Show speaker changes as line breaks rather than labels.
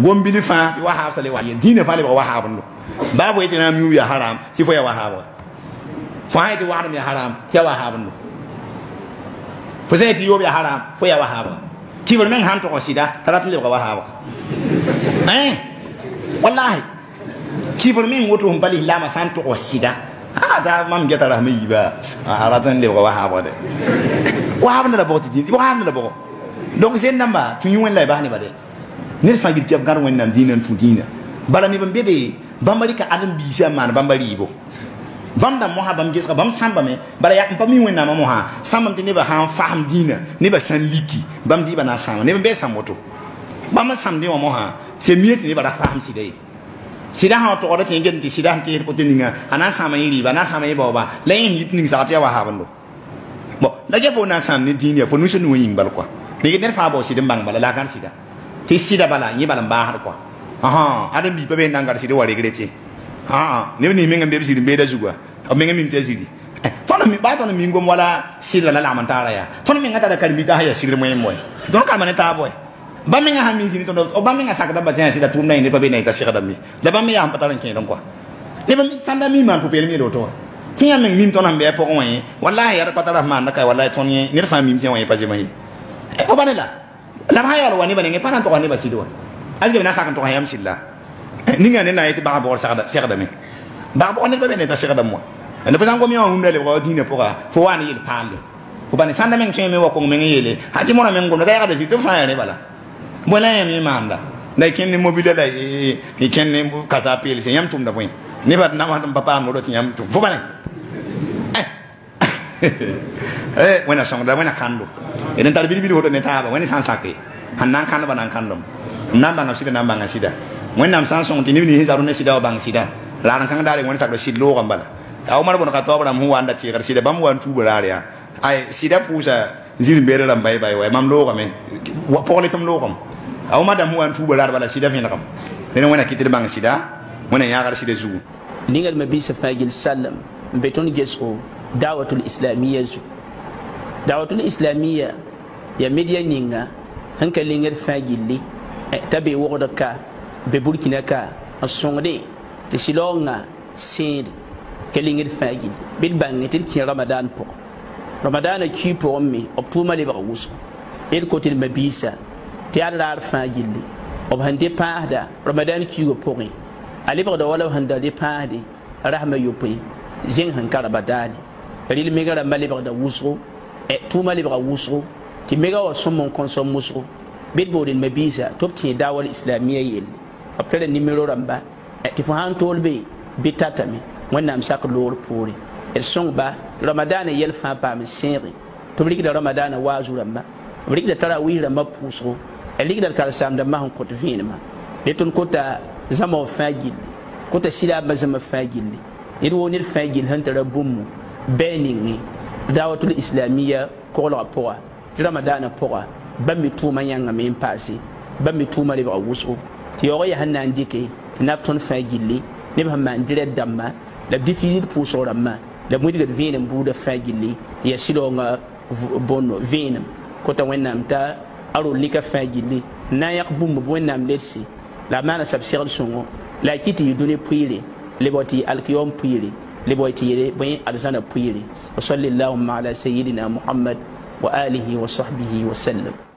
gombili fãa tɩ wahab sa wa yel dĩinã fãa lebg wahab n lo baa fo yetɩ na haram tɩ fo ya wahabga fãa yetɩ wagdem ya haram tɩ wahab n fo sẽn yetɩ yoob ya haram fo ya wahabga kɩbr meng sãn tog n sɩda t'a rat n lebga wahabga ẽ eh? wallahi kɩbr meng woto sẽn pa lislaamã sã n tog sɩda ta mam gɛta rasme yiba a rat n lebga de wahab ne la bog tɩ dĩn wahab ne la bog donc sẽn dãmba tũ yẽ la y e bas nebã de ned fangir tiap tɩ e wen nam dinan fu dina tũ dĩinã bala neb n be be bãmba rɩka ad n biisã n bo bãmba rɩɩbo bãmb da mosã bãmb gesga bãmb sãmbame bala yak bam mi wen nam moha tɩ nebã sã han faham dina nebã sã n liki bam di bana sama sãama neb n be sãn woto bãmb n sãmdẽ wã mosã sẽn da faham si ra fasem sɩda ye sɩda sã wa togd ti yẽ tɩ sɩda sẽn teesd kote ninga a na n sãama yẽ e a na n sãama yẽ e baooba la yẽ yit ning zag tɩ ya wa haabendo la ge fo na sam ni dinia ya, fo nu se nu wã bal ko kɔa ge ned fa bo si n bang bala la kan gãr ti sida bala nyi bala bahar kwa aha ada bi pebe nanga sidi wale greti Aha, ne ni menga be sidi meda juga. o menga min te sidi eh, tono mi ba tono mi ngom wala sida la la tara ya tono ya. mi ngata da karbi da ya sidi moy moy don ka mane ta boy ba menga ha mi sidi to o ba menga sakada ba tan sida tumna ne pebe ne ta sidi dami da ba mi ya hampatalan ke don kwa ne ba sanda mi man ko pel mi do to tiya yã meng mim tõnd n bɩa pʋgẽ wallahi ya patara man wallahi toni fami mim pa lam ha yalo wani banenge paran to wani basidwa alge na sakan to hayam silla eh, ni ngane na yiti ba ba wor sagda sagda me ba bo eh, ne ba ne ta sagda mo ne fasan ko mi on le ko dine poka fo wani yil pande ko bani sanda men cheme wa ko men yele ha ti mona men go da ga da si to fa yare bala mo na mi manda na e ken ni mobile la e, e, e ken ni kasa pele se yam tum da boy ni ba na ma dum papa mo do ti yam tum fo bani eh wena song da wena kando enen tar bili bili hoto ne taba wena san sake han nan kando banan kando nan banga sida nan banga sida wena san song tini ni hizaru ne sida bang sida la ran kang dare wena sakdo sid lo gambala aw mar bon ka to bram hu anda ti sida bam wan tu bare ya ay sida pusa zil bere ram bay bay way mam lo gamen wa pole tam lo gam aw madam hu an tu bare bala sida fin gam enen wena kitir bang sida wena yagar sida zu ningal mabisa fagil sallam beton geso dawatul islamiyya zu
dawatul islamiyya ya media ninga hanka lingar fagilli tabe wogda ka be burkina ka a sõngde tɩ silonga sẽede ka lingd fãa gilli bɩ d bãnge tɩ d kẽ ramadan pʋgẽ ramadaanã kii pʋgẽ me b tʋʋma lebg wʋsg d kotɩ d mabiisa tɩ yaa d raar fãa gilli b sẽn dɩ pãasda ramadan kiigã pʋgẽ a lebgda wala b sẽn da dɩ pãasde rahma yopoe zẽng sẽn ka rabadaane rɩl mega rãmbã lebgda wʋsgo e tʋʋmã lebga wʋsgo tɩ mega wa sõm n kõn sõm bɩ d boor ma biisa tɩ b tẽe daawa l islamia yelle b tara nimero rãmba tɩ fo sãn tool be bɩ tatame wẽnnaam sak loor poore d sõngba tɩ ramadaana yɛl fãa paam n sẽege tɩ b rɩkda ramadaanã waazu rãmba b rɩkda wɩɩs rãmbã pʋʋsgo d rɩkda d karsaamda mas n kõt vẽenemã ne tõnd kota zãma b fãa gilli kota sɩdaabã zãma fãa gilli ned woo ned fãa gill sẽn tara bũmb bɛɛ ningi dawatul islamiya koglga pʋga tɩ ramadaana pʋga bãmb me tʋʋma yãngame n paase bãmb me tʋʋmã lebga wʋsgo tɩ yaoogã yaa sẽn na n dɩke tɩ naf tõnd fãa gilli neb sẽn maan dɩrɛd dãmbã la b difiisil pʋʋsg rãmbã la wẽdg d vẽenem buudã fãa gilli tɩ yaa sɩlaoongã bõn vẽenem kota wẽnnaam t'a a rol nika fãa gilli n na n yãk bũmb b wẽnnaam ledse la b maana sab segl sõngo la a kɩ tɩ yɩ dũni pʋɩɩre lebg tɩ yɩ alkiyoom pʋɩɩre لبوي بين بوي أرزانا بويري وصلي اللهم على سيدنا محمد وآله وصحبه وسلم